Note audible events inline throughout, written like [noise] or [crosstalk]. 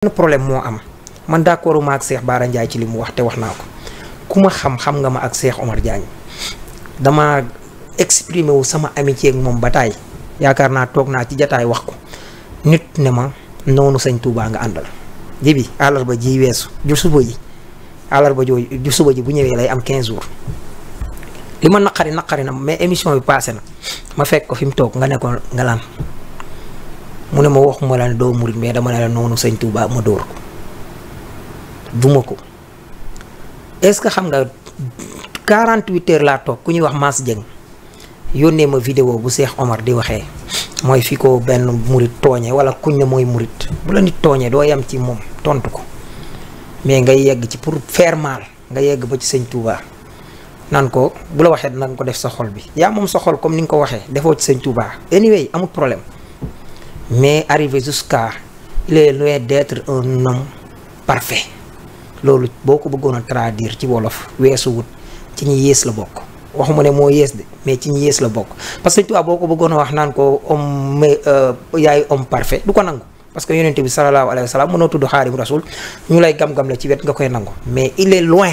benn problème moo am man d'accordu ma ak Cheikh baara Ndiaye ci li mu wax te wax naa ko ku ma xam xam nga ma ak Cheikh Omar Diagne dama exprimer wu sama amitié ak moom ba taay yaakaar naa toog naa ci jataay wax ko nit ne ma noonu sëñ tuubaa nga àndal jibi àllarba ji weesu ju suba ji àllarba jooju suba ji bu ñëwee lay am 15 jours li ma naqari naqari na mais émission bi passé na ma fekk ko fi mu toog nga nekkoon ko nga laan mu ne ma waxuma la ne doo murit mais dama ne la noonu sëñ Touba ma dóor ko duma ko est-ce que xam nga 48 heures laa ku ñuy wax mas Dieng yónnee ma vidéo bu Cheikh Omar di waxee mooy fi ko benn murit tooñee wala kuñ ne mooy murit bu la nit tooñee doo yem ci moom tontu ko mais nga yegg ci pour faire mal nga yegg ba ci sëñ Touba nan ko bu la waxee nan ko def sa xol bi yaa moom sa xol comme ni nga ko waxee defoo ci sëñ Touba anyway amul problème. mais arrivé jusqu'à il est loin d'être un homme parfait loolu boo ko bëggoon a traduire ci wolof weesu weesuwut ci ñi yées la bokk waxuma ne moo yées de mais ci ñi yées la bokk parce que tubaab boo ko bëggoon a wax naan ko homme euh, yaay homme parfait du ko nangu parce que yonent bi salallaahu alayhi wa sallam mënoo tudd xaadim rasul ñu lay gam-gam la ci wet nga koy nangu mais il est loin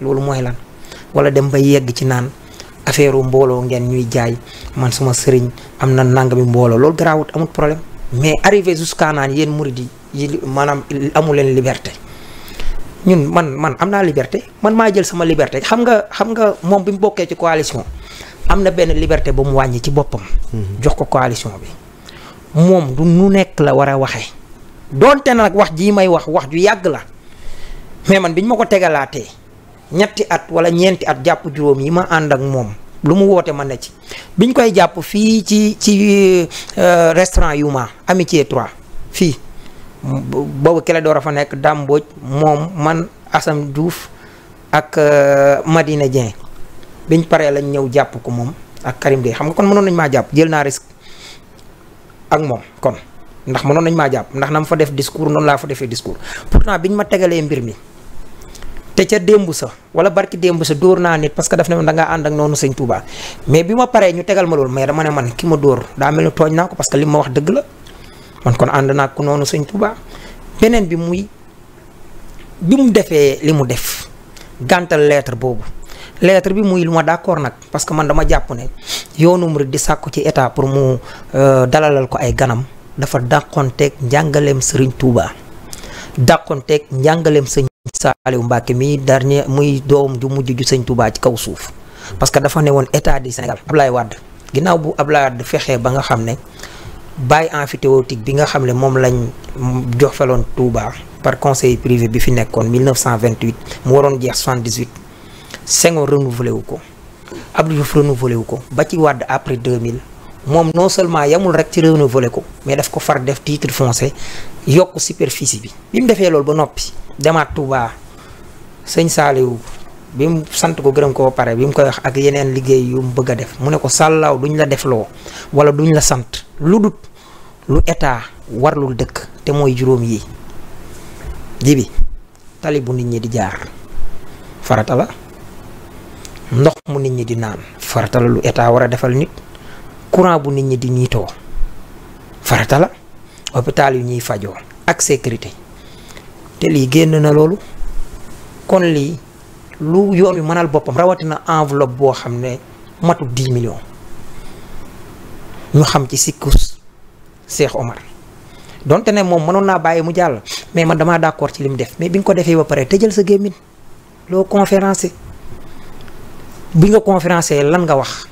loolu mooy lan wala dem ba yegg ci naan affaire mbooloo ngeen ñuy jaay man suma sëriñ am na nangami mbooloo loolu garaawut amut problème mais arrivé jusqu'à naan yéen murid yi maanaam amu leen liberté ñun man man am naa liberté man maa jël sama liberté xam nga xam nga moom bi mu bokkee ci coalition am na benn liberté ba mu wàññi ci boppam. Mhm. jox ko coalition bi moom du nu nekk la war a waxee donte nag wax ji may wax wax ju yàgg la mais man bi ñu ma ko tegalaatee ñetti at wala ñeenti at jàpp juróom yi ma ànd ak moom. lu mu woote mën na ci biñ koy jàpp fii ci ci euh, restaurant Yuma Amitié 3 fii boobu kele door a fa nekk Dame moom man Assane Diouf ak euh, Madina Dieng biñ paree lañ ñëw jàpp ko moom ak Karim xam nga kon mënoon nañ maa jàpp jël naa risque ak moom kon ndax mënoon nañ maa jàpp ndax na ma fa def discours noonu laa fa defee discours pourtant biñ ma tegalee mbir mi. te ca démb sa wala barki démb sa dóor naa nit parce que daf ne da ngaa ànd ak noonu sëñ Touba mais bi ma paree ñu tegal ma loolu mais dama ne man ki ma dóor daa mel ni tooñ naa ko parce que li ma wax dëgg la man kon ànd naa ko noonu sëñ Touba beneen bi muy bi mu defee li mu def gàntal lettre boobu lettre bi muy lu ma d'accord nag parce que man dama jàpp ne yoonu murid di sàkku ci état pour mu euh, dalalal ko ay ganam dafa dàqoonteeg njàngaleem sëriñ Touba dàqoonteeg njàngaleem sëñ Saaliw Mbàkke mi dernier muy doom ju mujj ju sëñ Touba ci kaw suuf parce que dafa ne woon état du Sénégal Ablaye wadd ginnaaw bu Ablaye Wade fexee ba nga xam ne bàyyi emphytéotique bi nga xam ne moom lañ jox feloon Touba par conseil privé bi fi nekkoon 1928 mu waroon jeex 78 Senghor renouvelé wu ko ab Diouf renouvelé wu ko ba ci Wade après 2000. moom non seulement yamul rek ci renouveler ko mais daf ko far def tiitre foncier yokk superficie bi bi mu defee loolu ba noppi demaat Touba sëñ Saliou bi mu sant ko gërëm ko pare bi mu koy wax ak yeneen liggéey yu mu bëgg a def mu ne ko sàllaaw duñ la def loo wala duñ la sant lu dut lu état warlul dëkk te mooy juróom yi jibi tali bu nit ñi di jaar farata la ndox mu nit ñi di naan farata la lu état war a defal nit courant bu nit ñi di niitoo farata la hôpital yu ñuy fajoo ak sécurité te lii génn na loolu kon lii lu yoon wi mënal boppam rawatina enveloppe boo xam ne matul 10 million ñu xam ci sikkus Cheikh Omar donte ne moom mënoon naa bàyyi mu jàll mais man damaa d'accord ci li mu def mais bi nga ko defee ba pare tëjal sa gémmiñ loo conférencé bi nga conférencé lan nga wax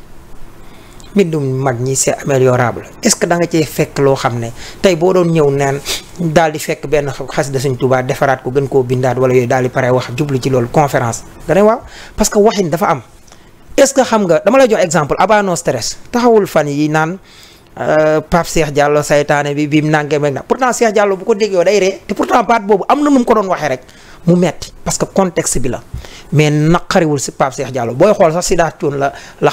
mbindum mag ñi c'est améliorable est-ce que danga nga cee fekk loo xam ne tey boo doon ñëw naan daal di fekk benn xasida Sëñ Tuubaa defaraat ko gën koo bindaat wala yooyu daal di pare wax jublu ci loolu conférence nga ne waaw parce que waxin dafa am est-ce que xam nga dama la jox exemple Abba No Stress taxawul fan yi naan euh, Pape Cheikh Diallo saytaane bi bi mu nangee meeg na pourtant Cheikh Diallo bu ko déggee day ree te pourtant baat boobu am na nu mu ko doon waxee rek mu metti parce que contexte bi la mais naqariwul si Pape Cheikh Diallo booy xool sax si daa la la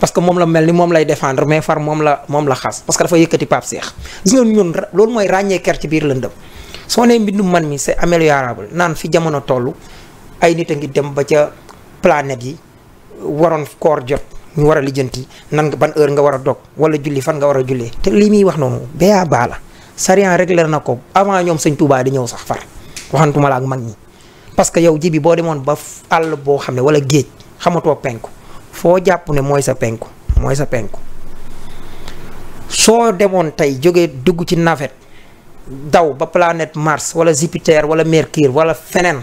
parce que moom la mel ni moom lay défendre mais far moom la moom la xas parce que dafa yëkkati Pape Cheikh gis nga ñun loolu mooy ràññee ker ci biir lëndëm soo nee mbindum man mi c'est améliorable naan fi jamono toll ay nit a ngi dem ba ca planète yi waroon koor jot ñu war a lijjanti nan ban heure nga war a dog wala julli fan nga war a jullee te lii muy wax noonu béyaa baala la rek réglé na ko avant ñoom sëñ Tuubaa di ñëw sax far waxantuma la ak mag ñi parce que yow ji bi boo demoon ba àll boo xam ne wala géej xamatoo penku foo jàpp ne mooy sa penku mooy sa penku soo demoon tey jóge dugg ci navette daw ba planet Mars wala Jupiter wala Mercure wala feneen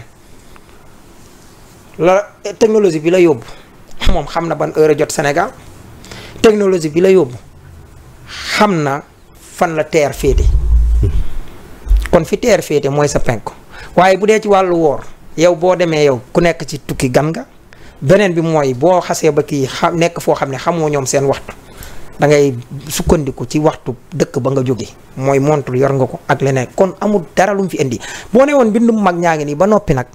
la technologie bi la yóbbu [laughs] moom xam na ban heure jot Sénégal technologie bi la yóbbu xam na fan la teer féete [laughs] kon fi teer féete mooy sa penku waaye bu dee ci wàllu woor yow boo demee yow ku nekk ci tukki gan nga beneen bi mooy boo xasee ba kii xam nekk foo xam ne xamoo ñoom seen waxtu da ngay sukkandiku ci waxtu dëkk ba nga jóge mooy montre yor nga ko ak leneen kon amul dara lu mu fi indi boo ne woon bindum mag ñaa ngi nii ba noppi nag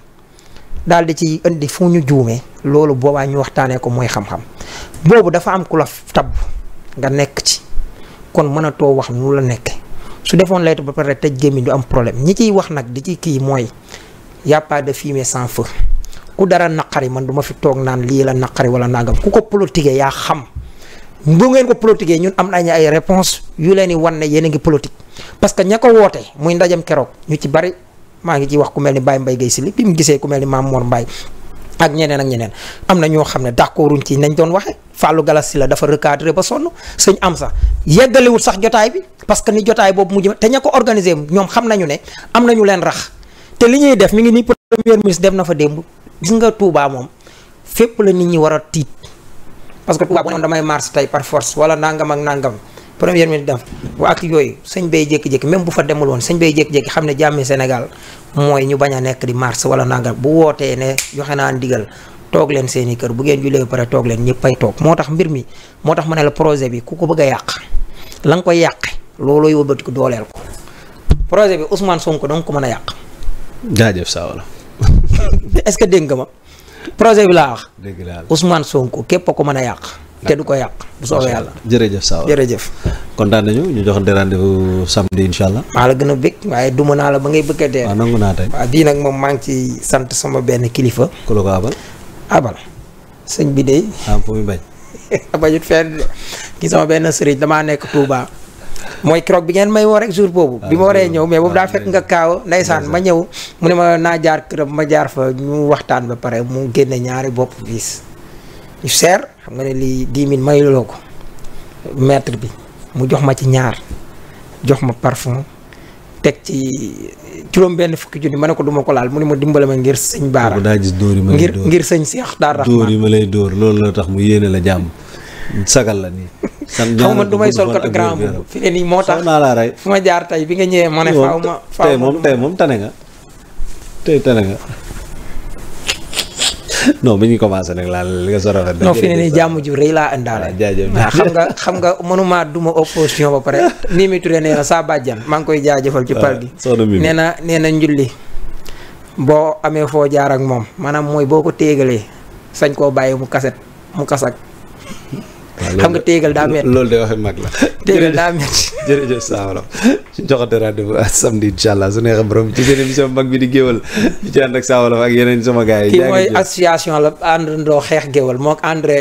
daal di ci indi fu ñu juumee loolu boobaa ñu waxtaanee ko mooy xam-xam boobu dafa am ku la tabb nga nekk ci kon mënatoo wax nu la nekk su defoon laytu ba pare te gémmiñ du am problème ñi ciy wax nag di ci kii mooy y a pas de ku dara naqari man duma fi toog naan lii la naqari wala nangam ku ko politique yaa xam bu ngeen ko politique ñun am na nañu ay réponse yu leen di wan ne yéen ngi politique parce que ña ko muy ndajam keroog ñu ci bari maa ngi ci wax ku mel ni Baye Mbaye Guèye Sylla bi mu gisee ku mel ni Mame Mor Mbaye ak ñeneen ak ñeneen am na ñoo xam ne d'accorduñ ci nañ doon waxe Fallou Galass la dafa recadré ba sonn sëñ am sax yeggaliwul sax jotaay bi parce que ni jotaay boobu mujj te ña ko organisé ñoom xam nañu ne am na ñu leen rax te li ñuy def mi ngi nii premier ministre dem na fa démb gis nga Touba moom fépp la nit ñi war a tiit parce que Touba bu noonu damay marche tey par force wala nangam ak nangam première mi def wa ak yooyu sëñ bay jékki-jékki même bu fa demul woon sëñ bay jékki-jékki xam ne jàmmi Sénégal mooy ñu bañ a nekk di marche wala nangam bu wootee ne joxe naa digal toog leen seen i kër bu ngeen jullee ba pare toog leen ñëppay toog moo tax mbir mi moo tax ma ne la projet bi ku ko bëgg yàq la nga koy yàq loolooy wëlbati ko dooleel ko projet bi Ousmane Sonko da ko mën a yàq. jaajëf saa wala [laughs] est-ce que dégg nga ma projet bi laa wax. dégg laa Ousmane Sonko képp a ko mën a yàq. te ah. du ko yàq bu soobee yàlla. jërëjëf a jërëjëf. kontaan nañu ñu joxante rendez-vous samedi incha allah. maa la gën a bëgg waaye duma naa la ba ngay bëgg a dee. waaw nangu naa tey. waaw bii nag moom maa ci sant sama benn kilifa. ku la ko abal. abal sëñ bi de. ah fu muy bañ. [laughs] bañut fenn ki sama benn sëriñ damaa nekk Touba. mooy keroog bi ngeen may woo rek jour boobu ah, bi ma waree ñëw mais boobu daa fekk nga kaaw ndeysaan ma ñëw mu ne ma naa jaar këram ma jaar fa ñu waxtaan ba pare mu génne ñaari bopp vis yu seer xam nga ne lii dix mille mayuloo ko mètre bi mu jox ma ci ñaar jox ma parfum teg ci juróom benn fukki junni ma ne ko duma ko laal mu ne ma dimbale ma ngir sëñ baara daa gis dóor yi ma ngir ngir sëñ seex daal raxmaan dóor yi ma lay dóor loolu la tax mu yéene la jàmm sagal la xaw ma du may sol ko grand mbubb fi ne ma jaar tey bi nga ñëwee ma ne faaw ma faaw moom tey moom tane nga bi ñu commencé nag laa li nga soo rafet non fi ne nii jàmm ju rëy laa indaale jaajëf xam nga xam nga mënuma duma opposition ba pare nii [laughs] mi turee nee saa bàjjan maa ngi koy jaajëfal ci par gi nee neena nee na njulli boo amee foo jaar ak moom maanaam mooy boo ko téegalee sañ koo bàyyi mu kaset mu kasak xam nga téegal daa métti loolu de waxee mag la. [laughs] téegal daa métti jërëjëf Samara joxante rendez-vous samedi incha allah su neexee borom bi di géwal di ci ànd ak Samara ak yeneen sama gars yi. kii mooy association la àndandoo xeex géwal moo André.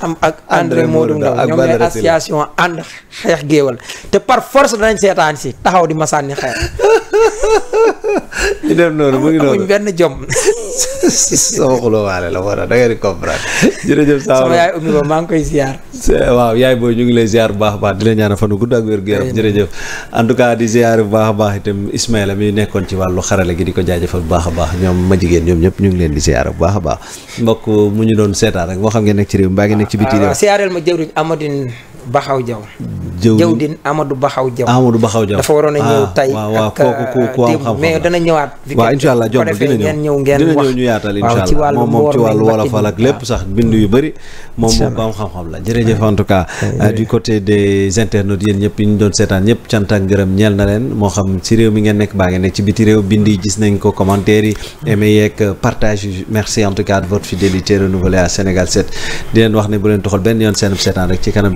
am ak [laughs] André Modou Ndaw ñoom ñooy association ànd xeex géewal te par force danañ seetaan si taxaw di ma sànni xeer ñu [laughs] dem noonu mu ngi noonu benn jom. [laughs] sama xuloo waale la moo tax da ngeen di comprendre. jërëjëf Samba sama yaay ummi ba maa ngi koy ziar. waaw yaay booy ñu ngi lay ziar bu baax a baax di la ñaanal fan gudd ak wér gu yaram jërëjëf. en tout a baax itam Ismaïla mi nekkoon ci wàllu xarale gi di ko jaajëfal bu baax baax ñoom ma jigéen ñoom ñëpp ñu ngi leen di ziar bu baax a baax mbokk mu ñu doon seetaan rek moo xam ngeen nekk ci réew mi mbaa ngeen nekk ci biti ah, réew. waaw ziareel ma jëwriñ Amadine Baxaw Jaw jëw din Amadou Baxaw Jaw Amadou Baxaw Jaw dafa waroon a ñëw ah, tey ak démb euh, mais dana ñëwaat waaw incha allah jomb dina ñëw ngeen ñëw ngeen dina ñëw ñu yaatal incha allah moom moom ci wàllu wolofal ak lépp sax bind yu bëri moom moom ba am xam-xam la jërëjëf en tout cas euh, du côté des internautes yéen ñëpp ñu doon seetaan ñëpp cant ak ngërëm ñeel na leen moo xam ci réew mi ngeen nekk baa ngeen nekk ci biti réew bind yi gis nañ ko commentaire yi mm. aimé yeeg euh, partage yi merci en tout cas de votre fidélité Sénégal 7 di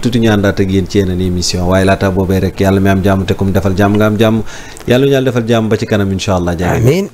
tuuti àndaat ak yéen ci yeneen émission waaye laata boobee rek yàlla mi am jàmm te kum defal jàmm nga am jàmm yàlla ñu yàlla defal jàmm ba ci kanam incha allah. amiin